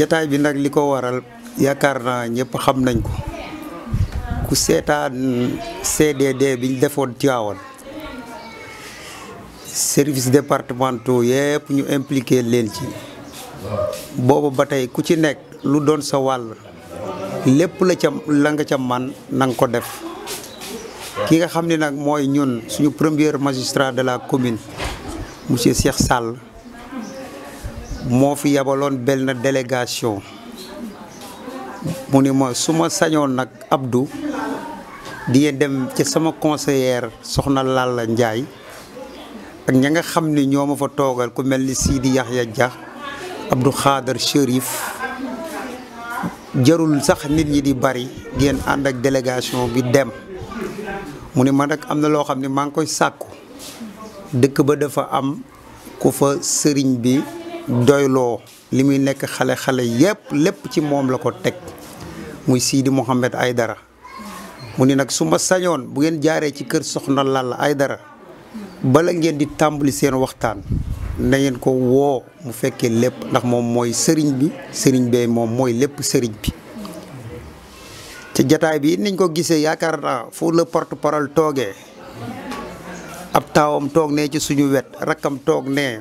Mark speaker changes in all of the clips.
Speaker 1: jataay bi nag li ko waral yaakaar naa ñëpp xam nañ ko ku seetaan CDD biñ defoon Tivaouane service départementaux yëpp ñu impliqué leen ci boobu ba tey ku ci nekk lu doon sa wàll lépp la ca la nga ca man nanga ko def ki nga xamni nak moy ñun suñu premier magistrat de la commune monsieur Cheikh Sall mo fi yabalon benn délégation mune ni ma su nak Abdou di dem ci sama conseiller soxna la ndjay ak ña nga xam ni fa togal ku melni Sidi Yahya Dia Abdou Khader jarul sax nit ñi di bari ngeen and ak délégation bi dem mune man rek amna lo xamni mang koy sakku dekk ba dafa am ku fa sëriñ bi doylo limi nek nekk xale-xale yépp lepp ci mom la ko tek muy Sidi mohammed Aydara mune nak suma sañon bu ngeen jaaree ci kër soxna Aydara bala ngeen di tambuli seen waxtaan na ngeen ko wo mu fekke lepp ndax mom moy sëriñ bi sëriñ be mom moy lepp bi ci jotaay bi niñ ko gisee yaakaar na fu le porte parole toogee ab taawam toog ne ci suñu wet rakam toog ne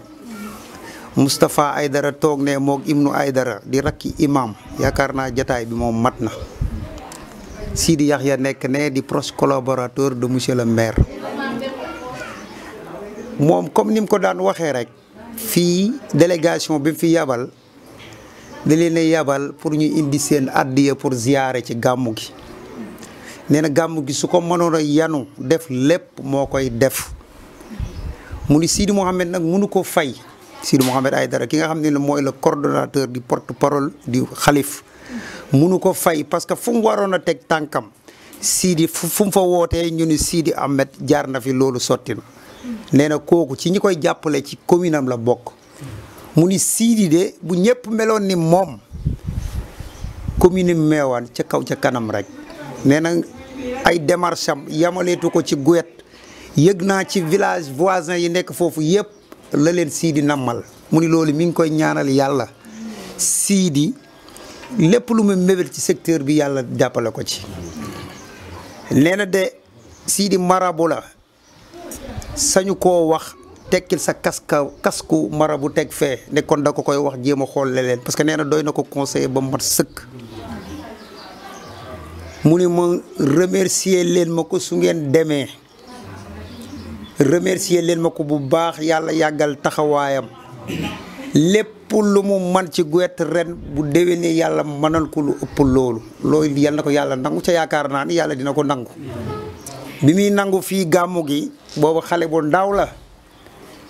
Speaker 1: mustafa Aydara toog ne moog Ibnu Aydara di rakki imam yaakaar naa jotaay bi moom mat Sidi Yahya nekk ne di proche collaborateur de monsieur le maire moom comme ni mu ko daan waxee rek fii délégation bi mu fi yabal da leen a yabal pour ñu indi seen addiya pour ziyaare ci gàmmu gi nee na gàmmu gi su ko mënoon a yanu def lépp moo koy def mu ni Sidi Mouhamed nag mënu ko fay Sidi ay Aidara ki nga xam ne mooy la coordonnateur du porte parole di xalif mënu ko fay parce que fu waroon a teg tànkam Sidi fu fa wootee ñu ni Sidi Ahmed jaar na fi loolu sotti na nee na kooku ci ñi koy jàppale ci kowinam la bokk mu ni Sidy de bu ñëpp meloon ni moom commune Mewane ca kaw ca kanam rek nee nag ay démarche am yamaleetu ko ci Gouette yëg naa ci village voisin yi nekk foofu yëpp la leen Sidy nammal mu ni loolu mi ngi koy ñaanal yàlla Sidy lépp lu mu mébét ci secteur bi yàlla jàppale ko ci nee na de Sidy marabu la sañu ko wax tekkil sa kaska kasku bu teg fee ne da ko koy wax jéem a xool leen parce que nee na doy na ko conseiller ba mat sëkk mu ni ma remercier leen ma ko su ngeen demee remercier leen ma ko bu baax yàlla yàggal taxawaayam lépp lu mu man ci guet ren bu dewee déwénee yàlla mënal ko lu ëpp loolu looy yal na ko yàlla nangu ca yaakaar naa ni yàlla dina ko nangu bi muy nangu fii gàmmu gi boobu xale bu ndaw la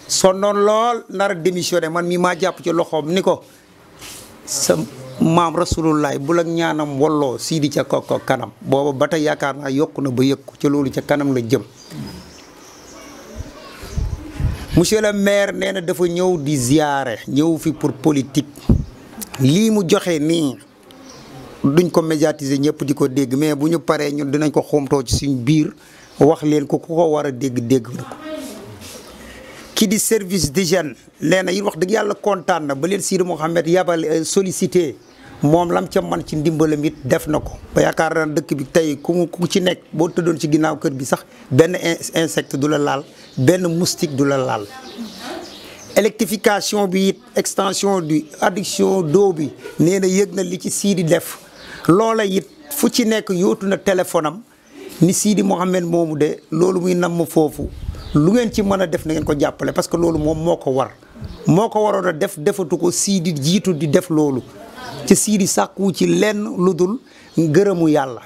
Speaker 1: sonnoon lool nar a man mii maa jàpp ci loxoom ni ko sa maam rasulullah bu la ñaanam walloo siidi ca kokko kanam booba ba tey yaakaar naa yokk na ba ko ca loolu ca kanam la jëm monsieur la maire nee na dafa ñëw di ziyaare ñëw fi pour politique lii mu joxe nii duñ ko médiatiser ñëpp di ko dégg mais bu ñu paree ñun dinañ ko xumtoo ci suñ biir wax leen ko ku ko war a dégg dégg na ki di service d'hygiène nee na it wax dëgg yàlla kontaan na ba leen Sidi Mouhamed yabal euh, sollicité moom lam ca man ci ndimbalam it def na ko ba yaakaar naa dëkk bi tey ku ku ci nekk boo tëddoon ci ginnaaw kër gi sax benn insecte du la laal benn moustique du la laal électrification bi extension du adduction d'eau bi nee na na li ci Sidi def Lola yit fu ci nekk yootu na téléphone am ni Sidi Mouhamed moomu de loolu muy namm foofu lu ngeen ci mën a def na ngeen ko jàppale parce que loolu moom moo ko war moo ko waroon a def defatu ko siidi jiitu di def loolu ci siidi sàkku ci lenn lu dul ngërëmu yàlla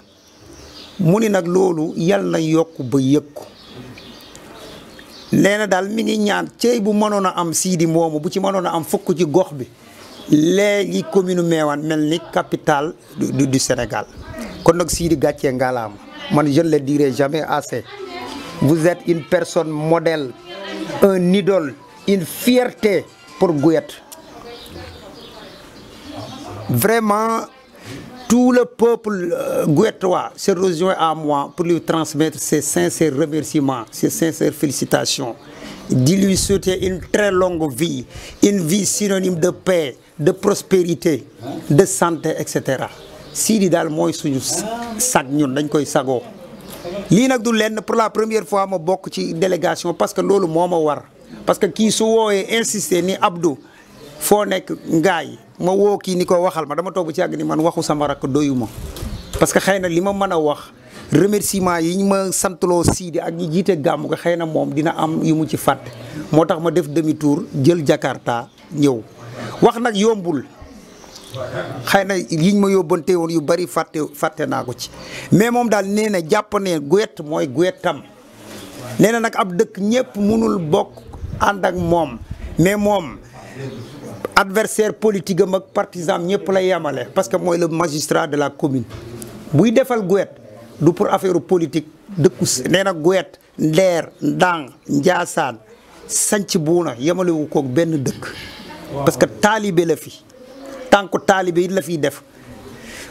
Speaker 1: mu ni nag loolu yal na yokk ba yëg ko nee na daal mi ngi ñaan cey bu mënoon a am siidi moomu bu ci mënoon a am fukk ci gox bi léegi commune Mewane mel ni capital du Sénégal kon nag siidi gàccee ngalaama man je ne le dirai jamais assez Vous êtes une personne modèle, un idole, une fierté pour Gouet. Vraiment, tout le peuple euh, guettois se rejoint à moi pour lui transmettre ses sincères remerciements, ses sincères félicitations. Dis lui souhaiter une très longue vie, une vie synonyme de paix, de prospérité, de santé, etc. Sidi Dal lii nag du lenn pour la première fois ma bokk ci délégation parce que loolu moo ma war parce que kii su woowee insister ni Abdou foo nekk ngaay ma woo kii ni ko waxal ma dama toog ci yàgg ni man waxu sama rakk doyu ma parce que xëy na li ma mën a wax remerciement yi ñu ma santloo Sidi ak ñi jiite gàmmu ga xëy na moom dina am yu mu ci fàtte moo tax ma def demi tour jël Jakarta ñëw wax nag yombul xëy na yiñ ma yóbbante woon yu bari fàtte fàtte naa ko ci mais moom daal nee na jàpp ne mooy guetam nee na nag ab dëkk ñëpp munul bokk ànd ak moom mais moom adversaire politique am ak partisan ñëpp la yemale parce que mooy la magistrat de la commune buy defal guet du pour affaire politique dëkku nee na guet ndeer ndang njaasaan sanc buuna yemalewu koog benn dëkk parce que taalibe la fi tànk taalibe yi la fiy def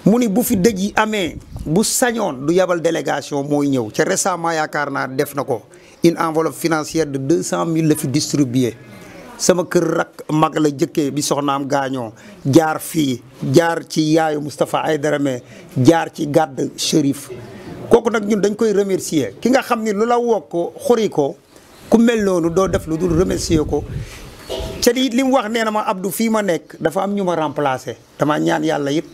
Speaker 1: mu ni bu fi dëj yi amee bu sañoon du yabal délégation mooy ñëw ca récemment yaakaar naa def na ko une enveloppe financière de 200000 la fi distribué sama kër rak mag la jëkkee bi soxnaam gaañoo jaar fii jaar ci yaayu mustapha Aydara mais jaar ci gàdd Chérif kooku nag ñun dañ koy remercier ki nga xam ni lu la wokk xuri ko ku mel loonu doo def lu dul remercier ko ca di it li mu wax nee na ma abdu fii ma nekk dafa am ñu ma remplacer dama ñaan yàlla it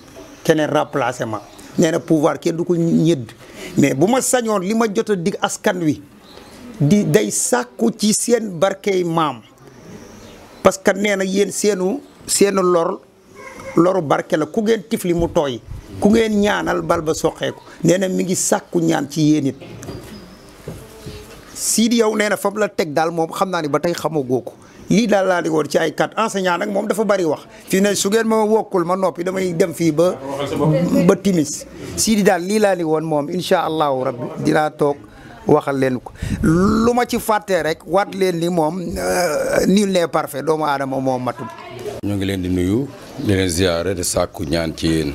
Speaker 1: keneen remplacer ma nee na pouvoir kenn du ko ñëdd mais bu ma sañoon li ma jot a dig askan wi di day sàkku ci seen barkey maam parce que nee na yéen seenu seenu lor loru barke la ku ngeen tifli mu tooy ku ngeen ñaanal bal ba soqeeku nee na mi ngi sàkku ñaan ci yéen it Sidi yow nee na fa la teg daal moom xam naa ni ba tey xamagoo ko yi dal la di wor ci ay kat enseignant nak mom dafa bari wax fi ne su ma wokul ma noppi damay dem fi ba ba timis sidi dal li la li won mom inshallah rabbi dina tok waxal len ko luma ci faté rek wat len ni mom euh, nul n'est parfait mo adam mo matu
Speaker 2: ñu ngi len di nuyu di len ziaré de sakku ñaan ci yeen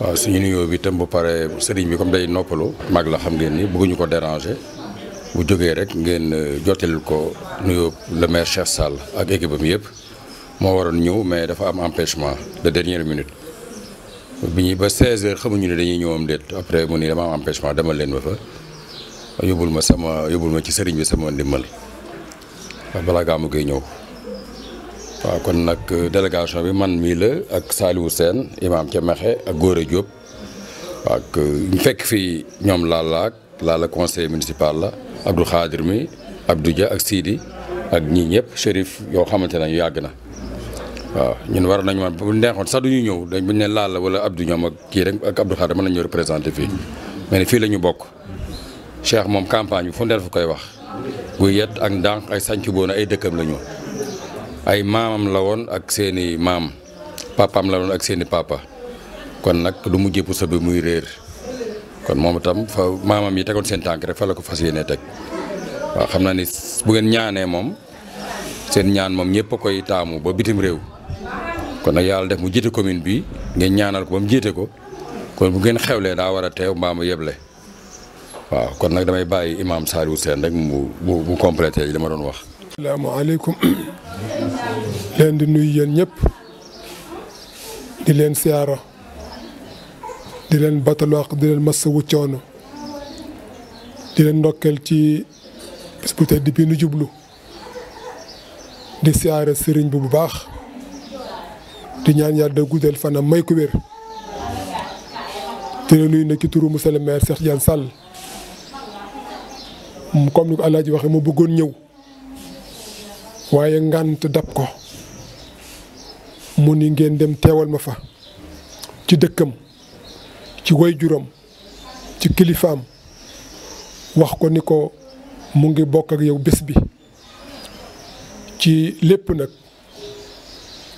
Speaker 2: wa suñu nuyu bi tam bu pare serigne bi comme day noppalu mag la xam ngeen ni ko déranger bu avons rek ngeen euh, le maire Cheikh Sall ak équipe nous mais dafa am empêchement de dernière minute ba 16h dañuy am après mu ni dama am empêchement dama leen fa ma sama ma ci bi sama ndimbal kon euh, délégation bi man mi le ak Sen imam ak ak euh, fekk la conseil municipal Abdou xaadir mi Abdou Dia ak Sidi ak ñii ñëpp Chérif yoo xamante ne yàgg na waaw ñun war nañu man bu neexoon sax du ñëw dañ bu ne laal la wala Abdou ñoom ak kii rek ak Abdou Khadir mën nañu représenté fii mais fii la ñu bokk Cheikh moom campagne bi fu ndeel fu koy wax buy yet ak ndànk ay sànc boona ay dëkkam la ñu ay maamam la woon ak seeni maam papaam la woon ak seeni papa kon nag du mujjee puso bi muy réer kon moom itam fa maamam yi tegoon seen tànk rek fa la ko fas yéene teg waaw xam naa ni bu ngeen ñaanee moom seen ñaan moom ñëpp a koy taamu ba bitim réew kon nag yàlla def mu jiite commune bi ngeen ñaanal ko ba mu jiite ko kon bu ngeen xewlee daa war a teew mbaa mu yeble waaw kon nag damay bàyyi imaam Saliou Sène rek mu mu mu complété li ma doon wax.
Speaker 3: asalaamaaleykum leen di nuyu yéen ñëpp di leen siyaara. di leen batalwaax di leen masawu coono di leen ndokkeel ci bis bu tedd bii nu jublu di siyaare sëriñ bi bu baax di ñaan yàlla da guddal fanam may ku wér te nuyu na ci turu monsieur le maire Cheikh Diagne Sall comme ni ko Alaaji waxee mu bëggoon ñëw waaye ngànt dab ko mu ni ngeen dem teewal ma fa ci dëkkam ci juróom ci kilifaam wax ko ni ko mu ngi bokk ak yow bés bi ci lépp nag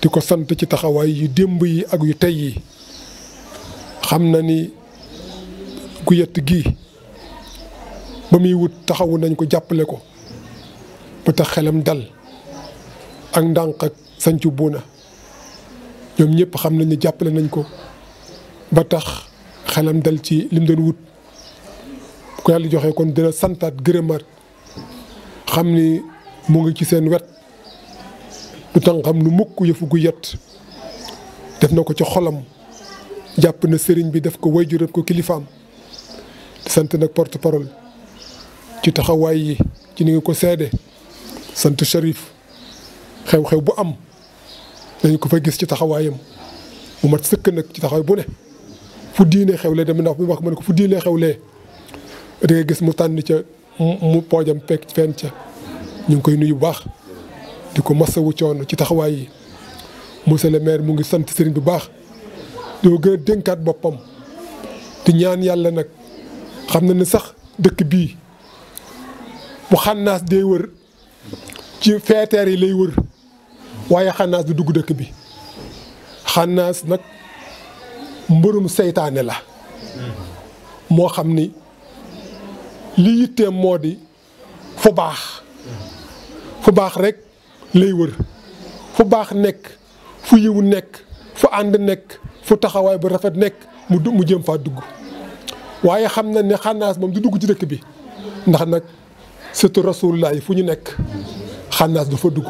Speaker 3: di ko sant ci taxawaay yu démb yi ak yu tey yi xam na ni Guyette gii ba muy wut taxawu nañ ko jàppale ko ba tax xelam dal ak ndànk ak sancu buuna ñoom ñëpp xam nañ ne jàppale nañ ko ba tax xalam dal ci lim doon wut ko yàlla joxe kon dina santaat gërëmaat xam ni mu ngi ci seen wet du tan xam lu mukk yëfu gu yett def na ko ci xolam jàpp na sëriñ bi def ko wayjuram ko kilifaam di sant nag porte parole ci taxawaay yi ci ni nga ko seede sant sharif xew-xew bu am dañu ko fa gis ci taxawaayam mu mat sëkk nag ci taxawaay bu ne fu diine xewlee tamit ndax bi wax ma ne ko fu diine xewlee da ngay gis mu tànn ca mu poojam pek fenn ca ñu ngi koy nuyu baax di ko masawu coono ci taxawaay yi monsieur le maire mu ngi sant sëriñ bu baax di ko gën boppam di ñaan yàlla nag xam na ni sax dëkk bii bu xannaas day wër ci feeteer yi lay wër waaye xannaas du dugg dëkk bi xannaas nag mbërum seytaane la moo xam ni lii yitteem moo di fu baax fu baax rek lay wër fu baax nekk fu yiwu nekk fu ànd nekk fu taxawaay bu rafet nekk mu mu jëm faa dugg waaye xam na ni xànnaas moom du dugg ci dëkk bi ndax nag surtout rasulullah fu ñu nekk xànnaas du fa dugg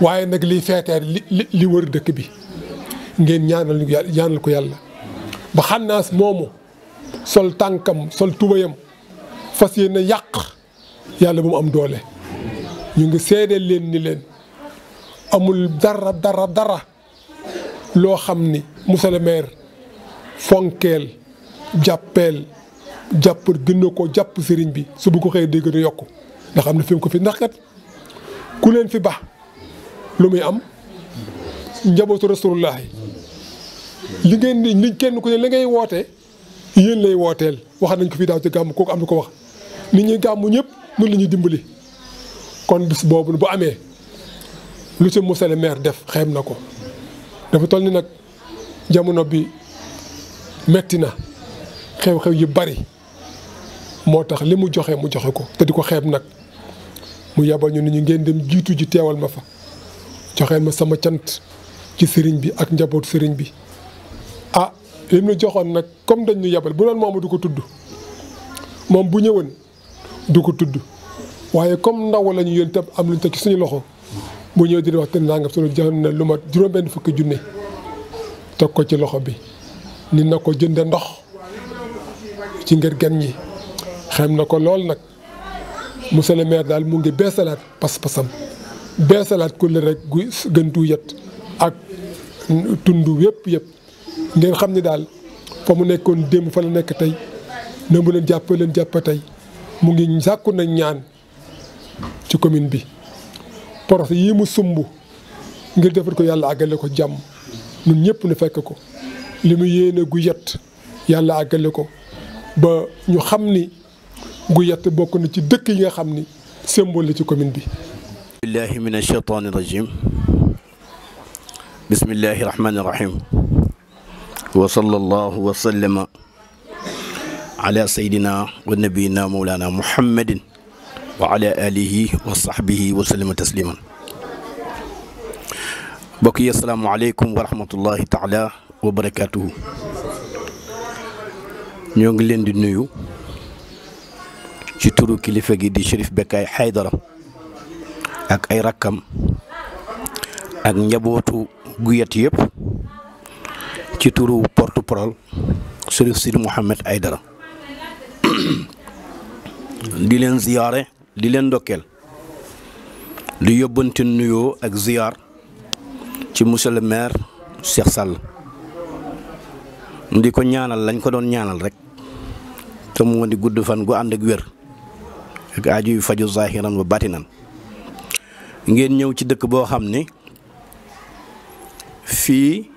Speaker 3: waaye nag liy feeteer li li wër dëkk bi ngeen ñaanal ñaanal ko yàlla ba xannaas moomu sol tànkam sol tubayam fas yéene yàq yàlla bu mu am doole ñu ngi seedeel leen ni leen amul dara dara dara loo xam ni monsieur maire fonkeel jàppeel jàpp gën na koo jàpp sëriñ bi su bu ko xëyee day gën a yokku ndax am na fi mu ko fi ndax kat ku leen fi ba lu muy am njabootu rasulullahi li ngeen di li kenn ko ne la ngay woote yéen lay wooteel wax nañ ko fii daaw ci gàmmu kooku am na ko wax nit ñi gàmmu ñëpp mën la ñuy dimbali kon bis boobu bu amee lu si monsieur le def xeeb na ko dafa toll ni nag jamono bi metti na xew-xew yi bari moo tax li mu joxe mu joxe ko te di ko xeeb nag mu yebal ñu ni ñu ngeen dem jiitu ji teewal ma fa joxe ma sama cant ci sëriñ bi ak njabootu sëriñ bi ah lim nu joxoon nag comme dañ ñu yabal bu doon moom du ko tudd moom bu ñewon du ko tudd waaye comme ndaw lañu ñu yéen am luñu tek ci suñu loxo bu ñew di wax te nangam sunu jëloon na luma juroom ben fukk fukki junne ko ci loxo bi. ni na ko jënde ndox ci ngir gan ñi xam na ko lool nak musale mer dal mu ngi bessalat pas-pasam bessalat ku le rek gu gëntu yett ak tundu yep yep ngeen xam ni daal fa mu nekkoon démb fa la nekk tey na mu leen jàpp leen tey mu ngi sàkku na ñaan ci commune bi projet yi mu sumb ngir defar ko yàlla àggale ko jàmm ñun ñëpp nu fekk ko li mu yéene gu yett yàlla àggale ko ba ñu xam ni gu yett bokk na ci dëkk yi nga xam ni symbole la ci commune bi
Speaker 4: billahi min alshaytaani rajim bismillahi rahmaani rahim wa sallallahu wa sallama ala sayyidina wa nabiyina mawlana muhammadin wa ala alihi wa sahbihi wa sallama tasliman mbokk taala wa barakaatuhu ñoo ngi leen di nuyu ci turu kilifa gi di Chérif Bécaye Haydara ak ay rakkam ak njabootu guyat yëpp ci turu porte parole Chérif Sidi Mouhamed di leen ziyaare di leen ndokkeel di yóbbante nuyoo ak ziyaar ci monsieur le maire Cheikh Sall di ko ñaanal lañ ko doon ñaanal rek te mu di gudd fan gu ànd ak wér ak aaju yu faju zahiran ba batinan ngeen ñëw ci dëkk boo xam ni fii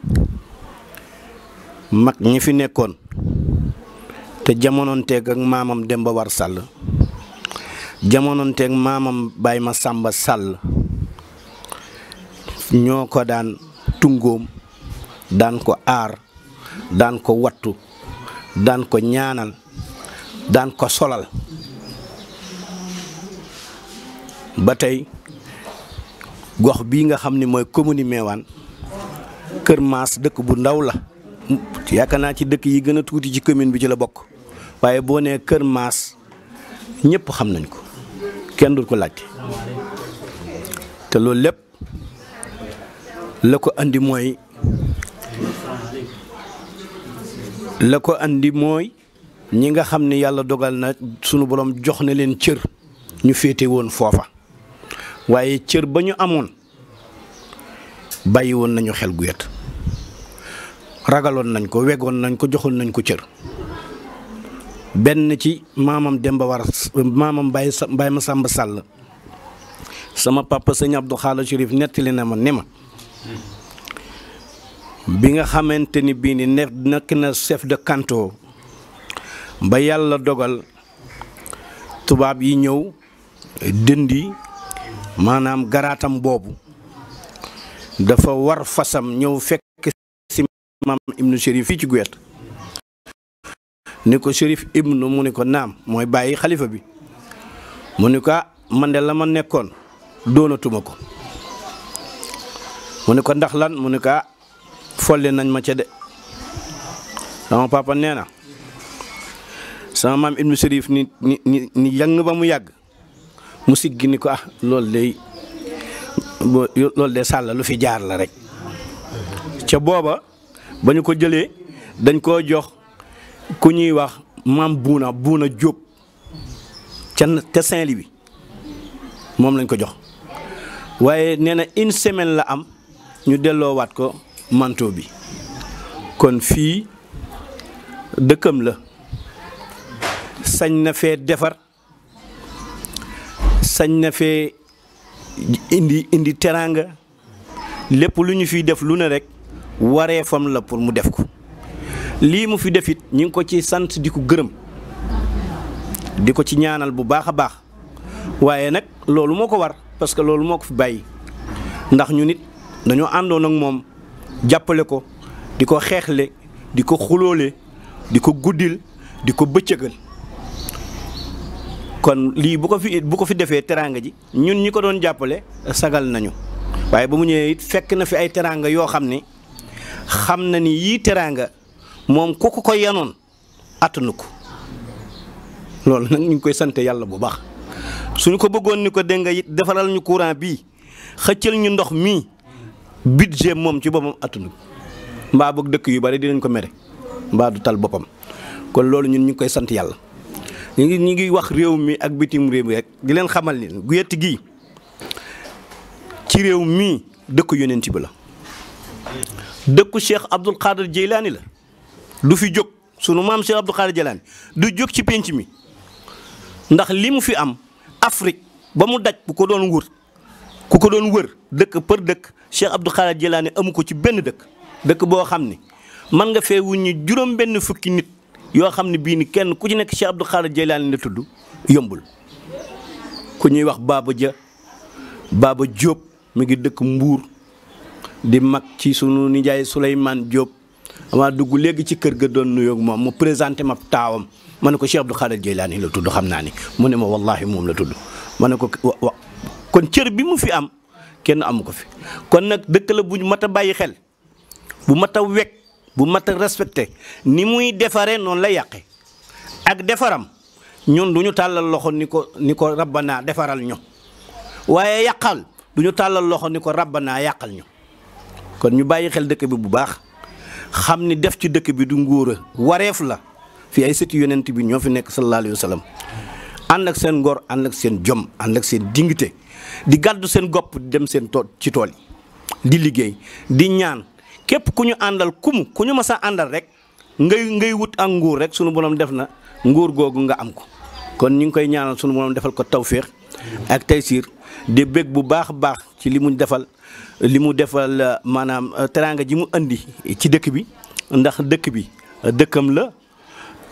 Speaker 4: mak ñi fi nekkon te jamononté ak maamam Demba War Sall jamononté ak mamam ma Samba Sall ñoko ko daan tungom daan ko ar daan ko wattu daan ko ñaanal daan ko solal batay, gox bi nga xamni moy commune Mewane keur mas dekk bu ndaw la yaakaar naa ci dëkk yi gën a tuuti ci commune bi ci la bokk waaye boo nee Kër Maas ñëpp xam nañ ko kenn dul ko laajte te loolu lépp la ko andi mooy la ko andi mooy ñi nga xam ne yàlla dogal na sunu borom jox na leen cër ñu féete woon foofa waaye cër ba ñu amoon bàyyi woon nañu xel gu yet ragaloon nañ ko wegoon nañ ko joxoon nañ ko cër benn ci maamam Demba War maamam Baye Baye Massamba Sall sama papa sëñ Abdou Xaala Chérif nettali na ma ne ma bi nga xamante ni bii ni nekk na chef de canton ba yàlla dogal tubaab yi ñëw dindi maanaam garaatam boobu dafa war fasam ñëw fekk maam ibnu shérif fii ci gouye ni ko shérif ibnu mu ne ko naam mooy bàyyi xalifa bi mu ni ko ah, man de la ma nekkoon doonatuma ko mu ni ko ndax lan mu ni ko ah, folle nañ ma ca de sama papa nee na sama maam ibnu shérif ni ni ni ni ba mu yàgg mu siggi ni ko ah loolu day loolu de sàll lu fi jaar la rek ca booba ba ñu ko jëlee dañ koo jox ku ñuy wax maam buuna buuna Jóob ca te Saint-Louis moom lañ ko jox waaye nee na une semaine la am ñu delloowaat ko manto bi kon fii dëkkam la sañ na fee defar sañ na fee indi indi teraanga lépp lu ñu fiy def lu ne rek waré fam la pour mu def ko li mu fi defit ñi ngi ko ci sante di gërem diko ci ñaanal bu baaxa baax wayé nak loolu moko war parce que loolu moko ko fi bayyi ndax ñu nit dañu àndoon ak mom jappalé ko diko xéxlé diko xulolé diko guddil diko kon li bu ko fi bu ko fi defé teranga ji ñun ñi ko doon jappalé sagal nañu waye bu mu fekk na fi ay teranga yo xam xam na ni yii teraanga moom ku ko ko yenoon attanu ko loolu nag ñu ngi koy sante yàlla bu baax suñu ko bëggoon ni ko dégg nga defaral ñu courant bi xëccal ñu ndox mii budget moom ci boppam attanu ko mbaa bëgg dëkk yu bari dinañ ko mere mbaa du tal boppam kon loolu ñun ñu ngi koy sant yàlla ñu ngi ñu ngi wax réew mi ak bitim réew mi rek di leen xamal ni guyett gi ci réew mii dëkk yonent bi la dëkku cheikh Abdul Qadir Jeylaani la du fi jóg sunu maam cheikh Abdul Qadir Jeylaani du jóg ci pénc mi ndax li mu fi am Afrique ba mu daj bu ko doon wër ku ko doon wër dëkk për dëkk cheikh Abdul Qadir Jeylaani amu ko ci benn dëkk dëkk boo xam ni mën nga fee wuññi juróom benn fukki nit yoo xam ne bii ni kenn ku ci nekk cheikh Abdul Qadir Jeylaani la tudd yombul ku ñuy wax Baba Ja Baba Jóob mu ngi dëkk Mbuur di mag ci sunu nijaay Souleymane Diop waa dugg léegi ci kër ga doon nuyoog moom mu présenté ma taawam ma ne ko Cheikh Abdou Khadir ni la tudd xam naa ni mu ne ma wallahi moom la tudd ma ne ko wa kon cër bi mu fi am kenn amu ko fi kon nag dëkk la bu mat a bàyyi xel bu mat a wekk bu mat a respecté ni muy defaree noonu la yàqe ak defaram ñoom du ñu tàllal loxo ni ko ni ko rabbana defaral ñu waaye yàqal du ñu tàllal loxo ni ko rabbana yàqal ñu kon ñu bàyyi xel dëkk bi bu baax xam ni def ci dëkk bi du nguur a wareef la fi ay sëti yonent bi ñoo fi nekk sallallahu alayhi wa ànd ak seen ngor ànd ak seen jom ànd ak seen dignité di gàddu seen gopp di dem seen tool ci tool yi di liggéey di ñaan képp ku ñu àndal kum ku ñu mës a àndal rek ngay ngay wut ak nguur rek sunu borom def na nguur googu nga am ko kon ñu ngi koy ñaanal sunu borom defal ko tawféex ak taysiir di bég bu baax a baax ci li mu defal li mu defal euh, maanaam euh, teraanga ji mu indi ci dëkk bi ndax dëkk bi euh, dëkkam la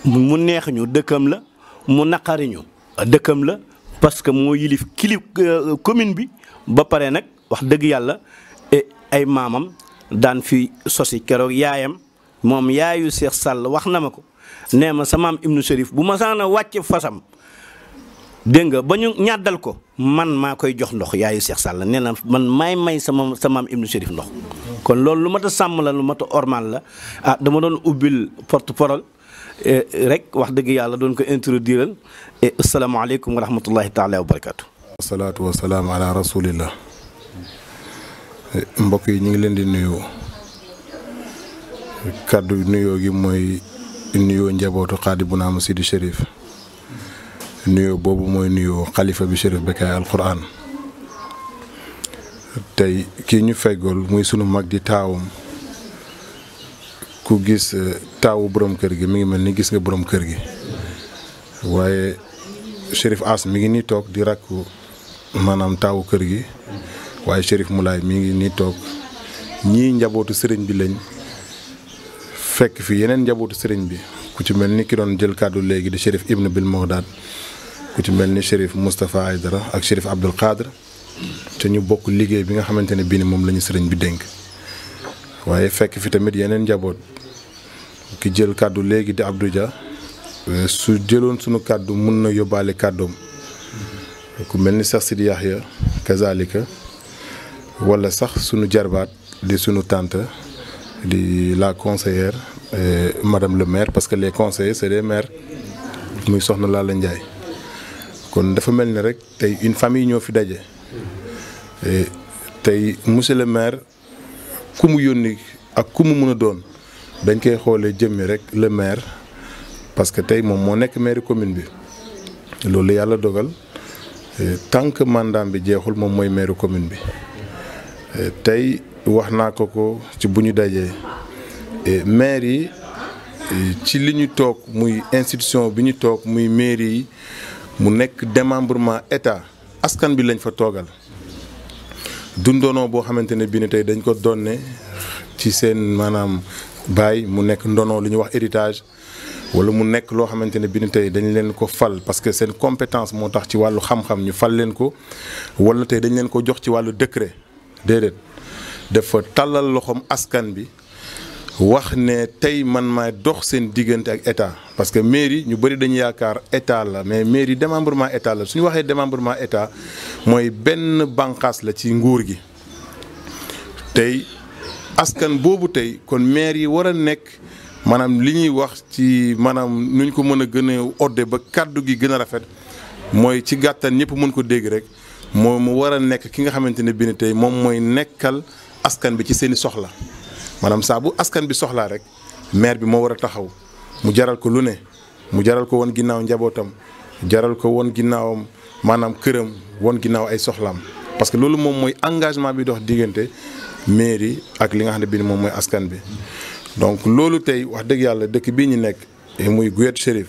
Speaker 4: mu neex ñu dëkkam la mu naqari ñu dëkkam la parce que moo yilif kilif commune bi ba pare nag wax dëgg yàlla eh, ay maamam daan fi sosi keroog yaayam moom yaayu Cheikh Sall wax na ma ko nee ma sa maam Ibnu bu ma saana wàcce fasam dégg nga ba ñu ñàddal ko man maa koy jox ndox yaayu Cheikh Sall nee na man maay may sama sa maam Ibnu Chérif ndox kon loolu lu mat a sàmm la lu mat a ormal la ah dama doon ubbil porte parole eh, rek wax dëgg yàlla doon ko introduiral et eh, asalaamaaleykum wa rahmatullahi taala
Speaker 5: wa barakaatu. wasalaatu wasalaam ala rasulillah eh, mbokk yi ñu ngi leen di nuyu kàddu nuyoo gi mooy nuyoo njabootu xaadi bu naam Sidi Chérif. nuyoo boobu mooy nuyoo xalifa bi Chérif Bécaye Al Quran tey kii ñu feggool muy sunu mag di taawam ku gis eh, taawu boroom kër gi mi ngi mel ni gis nga boroom kër gi waaye Chérif As mi ngi nii toog di rakku maanaam taawu kër gi waaye Chérif Moulay mi ngi nii toog ñii njabootu sëriñ bi lañ fekk fi yeneen njabootu sëriñ bi ku ci mel ni ki doon jël kàddu léegi di Chérif Ibn Bil Moghdad ku ci mel ni shérif Moustapha Aydara ak shérif Abdoul Khadr te ñu bokk liggéey bi nga xamante ne bii ni moom la ñu sëriñ bi dénk waaye fekk fi tamit yeneen njaboot ki jël kàddu léegi di Abdou Dia euh, su jëloon sunu kàddu mën na yóbbaale kàddoom ku mel ni sax Sidi Yaxya kazalika wala sax sunu jarbaat di sunu tante di la conseillère euh, madame le maire parce que les conseil c'est des maires muy soxna Lalla Ndiaye kon dafa mel ni rek tey une famille ñoo fi daje tey monsieur le maire ku mu yónni ak ku mu mun a doon dañ koy xoolee jëmmi rek le maire parce que tey moom moo nekk maire commune bi loolu yàlla dogal tant que mandat bi jeexul moom mooy maire commune bi tey wax naa ko ko ci bu ñu dajee maire yi ci li ñu toog muy institution bi ñu toog muy mairie yi mu nek démembrement état askan bi lañ fa togal dundono bo xamante ne bii ni tey dañ ko donné ci sen manam bay mu nek ndono liñ wax héritage wala mu nek lo xamante ne bii ni tey dañ leen ko fal parce que seen compétence moo tax ci walu xam-xam ñu fal leen ko wala tay dañ leen ko jox ci walu décret def fa talal loxoom askan bi wax ne tey man maa dox seen diggante ak état parce que mairie ñu bëri dañu yaakaar état la mais mairie démembrement état la suñu waxee démembrement état mooy benn banqaas la ci nguur gi tey askan boobu tey kon maire yi war a nekk maanaam li ñuy wax ci maanaam nuñ ko mën a gën a odde ba kàddu gi gën a rafet mooy ci gàttan ñëpp mën ko dégg rek moo mu war a nekk ki nga xamante ne bi ne tey moom mooy nekkal askan bi ci seeni soxla maanaam saa bu askan bi soxlaa rek maire bi moo war a taxaw mu jaral ko lu ne mu jaral ko woon ginnaaw njabootam jaral ko woon ginnaawam maanaam këram woon ginnaaw ay soxlaam parce que loolu moom mooy engagement bi dox diggante mairie ak li nga xam ne bii moom mooy askan bi. donc loolu tey wax dëgg yàlla dëkk bii ñu nekk eh, muy Guet Chérif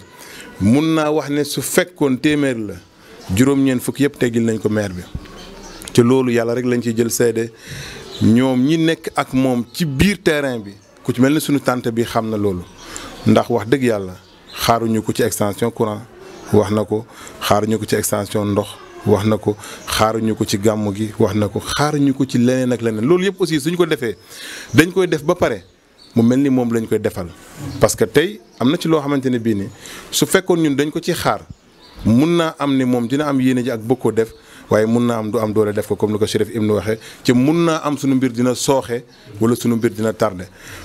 Speaker 5: mun naa wax ne su fekkoon téeméer la juróom-ñeent fukk yëpp teggil nañ ko maire bi te loolu yàlla rek lañ ci jël seede ñoom ñi nekk ak moom ci biir terrain bi ku ci mel ni suñu tànt bi xam na loolu ndax wax dëgg yàlla xaaruñu ko ci extension courant wax na ko xaaruñu ko ci extension ndox wax na ko xaaruñu ko ci gàmm gi wax na ko xaaruñu ko ci leneen ak leneen loolu yëpp aussi suñ ko defee dañ koy def ba pare mu mel ni moom lañ koy defal. parce que tey am na ci loo xamante ne bii ni su fekkoon ñun dañ ko ci xaar mun naa am ni moom dina am yéene ji ak bëgg def. waaye mun naa am du am doole def ko comme ni ko Chérif Ibn waxee ci mun naa am sunu mbir dina sooxe wala sunu mbir dina tardé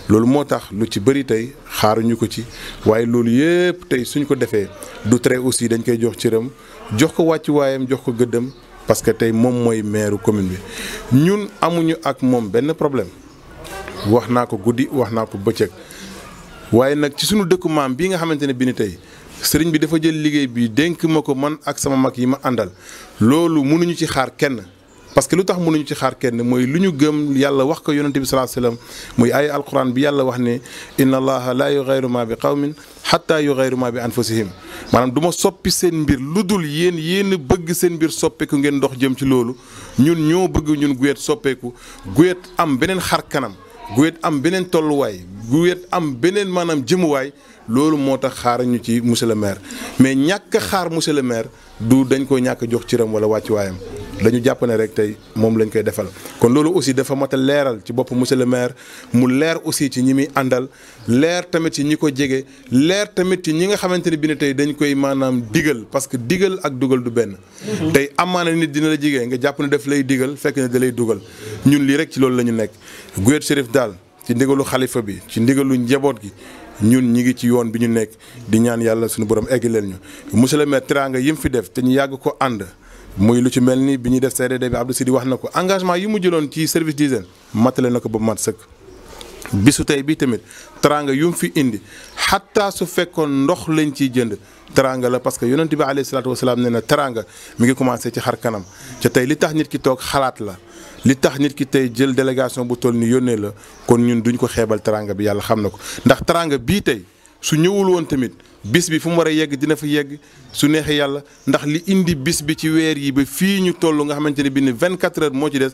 Speaker 5: loolu moo tax lu ci bëri tey xaaruñu ko ci waaye loolu yëpp tey suñu ko defee du tere aussi dañ koy jox cëram jox ko wàccuwaayam jox ko gëddam parce que tey moom mooy maire commune bi ñun amuñu ak moom benn problème wax naa ko guddi wax naa ko bëccëg waaye nag ci suñu dëkku maam bii nga xamante ne bi ni tey. sëriñ bi dafa jël liggéey bi dénk ma ko man ak sama mag yi ma àndal loolu mënuñu ci xaar kenn parce que lu tax mënuñu ci xaar kenn mooy lu ñu gëm yàlla wax ko yonente bi salaa sallam muy ay alquran bi yàlla wax ne inna allaha laa yuxayru ma bi qawmin xatta yuxayru ma bi anfusihim maanaam duma ma soppi seen mbir lu dul yéen yéen bëgg seen mbir soppeeku ngeen dox jëm ci loolu ñun ñoo bëgg ñun guyet soppeeku guyet am beneen xar kanam guyet am beneen tolluwaay guyet am beneen maanaam jëmuwaay loolu moo tax xaaral ñu ci monsieur le maire mais ñàkk xaar monsieur le maire du dañ ko ñàkk jox ciram wala waayam dañu jàpp ne rek tey moom lañ koy defal kon loolu aussi dafa mat a leeral ci bopp monsieur le maire mu leer aussi ci ñi muy àndal leer tamit ci ñi ko jege leer tamit ci ñi nga xamante ne bi ne tey dañ koy maanaam digal parce que digal ak dugal du benn. Mhm. tey amaana nit dina la jigee nga jàpp ne daf lay digal fekk ne da lay dugal ñun lii rek ci loolu la ñu nekk. Guèye Chérif daal ci ndigalu xalifa bi ci njaboot gi. ñun ñi ngi ci yoon bi ñu nekk di ñaan yàlla suñu borom egg leen ñu monsieur le maire teraanga fi def te ñu yàgg ko ànd muy lu ci mel ni bi ñuy def CRD bi Abdou di wax na ko engagement yi mu jëloon ci service d'hygiène matale na ko ba mat sëkk bisu tey bii tamit teraanga yu mu fi indi xataa su fekkoon ndox lañ ciy jënd teraanga la parce que yonent bi alayhi salaatu wasalaam nee na teraanga mi ngi commencé ci xar kanam ca tey li tax nit ki toog xalaat la li tax nit ki tey jël délégation bu toll ni yónnee la kon ñun duñ ko xeebal teraanga bi yàlla xam na ko ndax teraanga bii tey su ñëwul woon tamit bis bi fu mu war a yegg dina fi yegg su neexee yàlla ndax li indi bis bi ci weer yi ba fii ñu toll nga xamante ne bi ni 24 heures moo ci des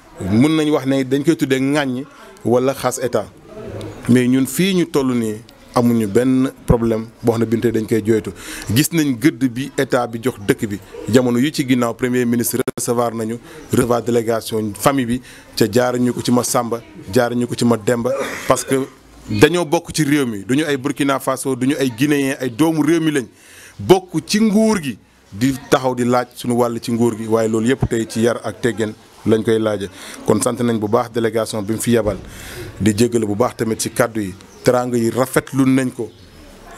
Speaker 5: mun nañ wax ne dañ koy tuddee ŋàññ wala xas état mais ñun fii ñu toll nii amuñu benn problème boo xam ne binte dañ koy joytu gis nañ gëdd bi état bi jox dëkk bi jamono yi ci ginnaaw premier ministre recevoir nañu reva délégation famille bi ca jaar ko ci ma Samba jaar ko ci ma demb parce que dañoo bokk ci réew mi duñu ay Burkina Faso duñu ay Guinéen ay doomu réew mi lañ bokk ci nguur gi di taxaw di laaj suñu wàll ci nguur gi waaye loolu yëpp tey ci yar ak teggeen lañ koy laaj kon sant nañ bu baax délégation bi mu fi yebal di jégalu bu baax tamit ci kàddu yi teraanga yi rafetlu nañ ko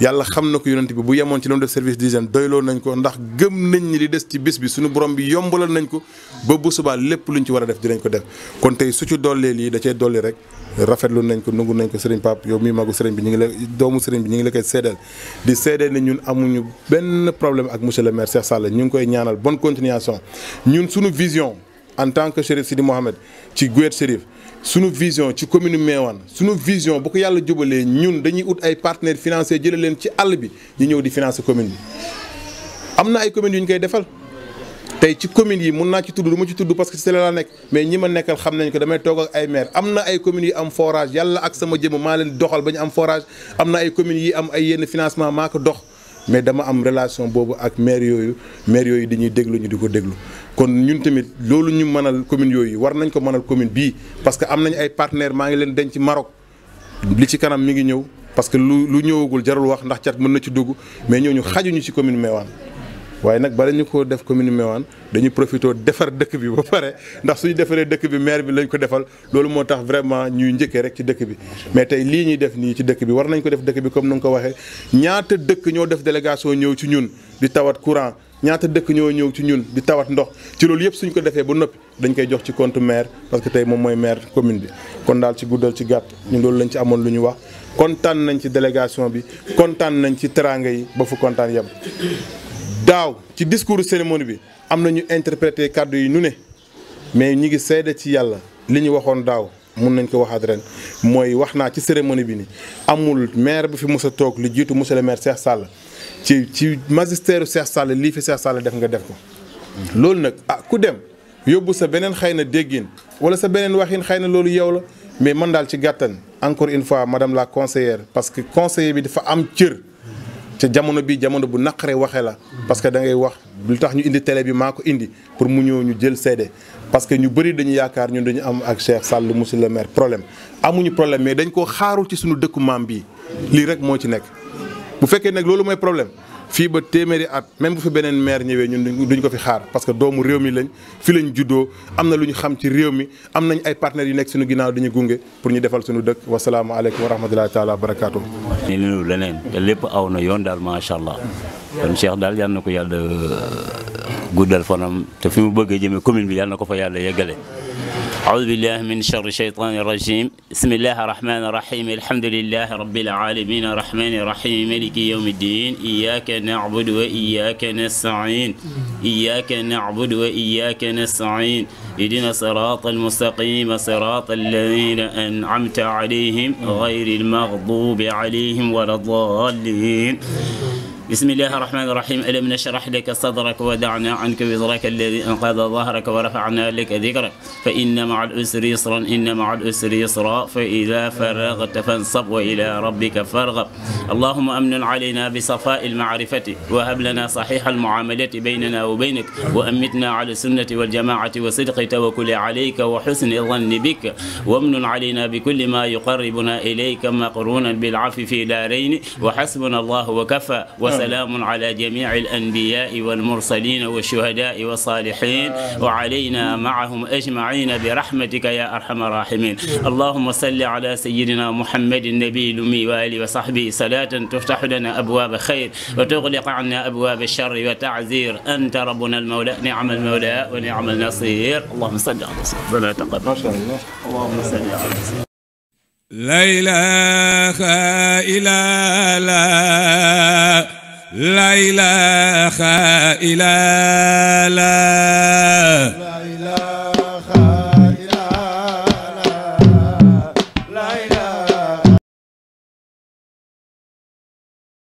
Speaker 5: yàlla xam na ko yonent bi bu yemoon ci lu mu def service d'hygiène doyloo nañ ko ndax gëm nañ ni li des ci bis bi suñu borom bi yombalal nañ ko ba bu subaa lépp luñ ci war a def dinañ ko def kon tey dollee lii da cay dolli rek rafetlu nañ ko nungu nañ ko sëriñ Pape yow mii magu sëriñ bi ñu ngi la doomu sëriñ bi ñu ngi la koy seedeel di seedeel ne ñun amuñu benn problème ak monsieur le maire Cheikh ñu ngi koy ñaanal bonne continuation ñun suñu vision en tant que Chérif Sidi Mohamed ci Gouyate Chérif sunu vision ci commune Mewane sunu vision bu ko yàlla jubalee ñun dañuy ut ay partenaires financiers jëlee leen ci àll bi ñu ñëw di financer commune Amna ay communes yu ñu koy defal tey ci commune yi mun naa ci tuddu du ci tuddu parce que c'est la laa mais ñima nekkal xam nañ ko damay togg ak ay maire amna ay communes yi am forage yalla ak sama jëmm ma leen doxal bañ am forage amna ay communes yi am ay yenn financement ma ko dox. mais dama am relation boobu ak maire yooyu maire yooyu di ñuy déglu ñu di ko déglu kon ñun tamit loolu ñu mënal commune yooyu war nañ ko mënal commune bii parce que am nañu ay partenaire maa ngi leen denc Maroc li ci kanam mi ngi ñëw parce que lu lu ñëwagul jarul wax ndax cat mën na ci dugg mais ñooñu xajuñu ci commune Mewane waaye nag bala ñu ko def commune Méouane dañu profité defar dëkk bi ba pare ndax suñu defaree dëkk bi maire bi lañ ko defal loolu moo tax vraiment ñuy njëkkee rek ci dëkk bi mais tey lii ñuy def nii ci dëkk bi war nañ ko def dëkk bi comme na nga ko waxee ñaata dëkk ñoo def délégation ñëw ci ñun di tawat courant ñaata dëkk ñoo ñëw ci ñun di tawat ndox ci loolu yëpp suñ ko defee ba noppi dañ koy jox ci compte maire parce que tey moom mooy maire commune bi kon daal ci guddal ci gàtt ñu loolu lañ ci amoon lu ñu wax kontaan nañ ci délégation bi kontaan nañ ci teraanga yi ba fu daaw ci discours cérémonie bi am na ñu interprété kàddu yi ñu ne mais ñi ngi seede ci yàlla li ñu waxoon daaw mun nañ ko waxaat ren mooy wax naa ci cérémonie bi ni amul maire bu fi mos a toog li jiitu monsieur le maire Cheikh Sall ci ci magistère Cheikh Sall lii fi Cheikh Sall def nga def ko. loolu nag ah ku dem yóbbu sa beneen xëy na déggin wala sa beneen waxin xëy na loolu yow la mais man daal ci gàttan encore une fois madame la conseillère parce que conseiller bi dafa am cër. te jamono bi jamono bu naqaree waxee la parce que da ngay wax lu tax ñu indi télé bi maa ko indi pour mu ñëw ñu jël seede parce que ñu bëri dañu yaakaar ñun dañu am ak Cheikh Sall monsieur maire problème amuñu problème mais dañ koo xaarul ci suñu dëkku maam bi lii rek moo ci nekk bu fekkee nag loolu mooy problème fii ba téeméeri at même bu fi beneen maire ñëwee ñun duñ ko fi xaar parce que doomu réew mi lañ fi lañ juddoo am na lu ñu xam ci réew mi am nañ ay partenaires yu nekk suñu ginnaaw di ñu gunge pour ñu defal suñu dëkk wasalaamaaleykum wa rahmatullahi taala wa barakaatu.
Speaker 6: ñu ne leneen te lépp aw na yoon daal macha allah kon Cheikh daal yal na ko yàlla uh, guddal fanam te fi mu bëgg a jëmee commune bi yal na ko fa yàlla yeggale. أعوذ بالله من شر الشيطان الرجيم بسم الله الرحمن الرحيم الحمد لله رب العالمين الرحمن الرحيم ملك يوم الدين إياك نعبد وإياك نستعين إياك نعبد وإياك نستعين إدنا صراط المستقيم صراط الذين أنعمت عليهم غير المغضوب عليهم ولا الضالين بسم الله الرحمن الرحيم ألم نشرح لك صدرك ودعنا عنك وزرك الذي أنقذ ظهرك ورفعنا لك ذكرك فإن مع الأسر يسرا إن مع الأسر يسرا فإذا فرغت فانصب وإلى ربك فارغب اللهم أمن علينا بصفاء المعرفة وهب لنا صحيح المعاملة بيننا وبينك وأمتنا على السنة والجماعة وصدق توكل عليك وحسن الظن بك وامن علينا بكل ما يقربنا إليك مقرونا بالعفو في دارين وحسبنا الله وكفى وسلم وسلام على جميع الأنبياء والمرسلين والشهداء والصالحين وعلينا معهم أجمعين برحمتك يا أرحم الراحمين اللهم صل على سيدنا محمد النبي الأمي وآله وصحبه صلاة تفتح لنا أبواب خير وتغلق عنا أبواب الشر وتعزير أنت ربنا المولى نعم المولى ونعم النصير اللهم صل على سيدنا ولا تقبل ما شاء الله اللهم صل على لا إله
Speaker 2: إلا الله la ilaha illa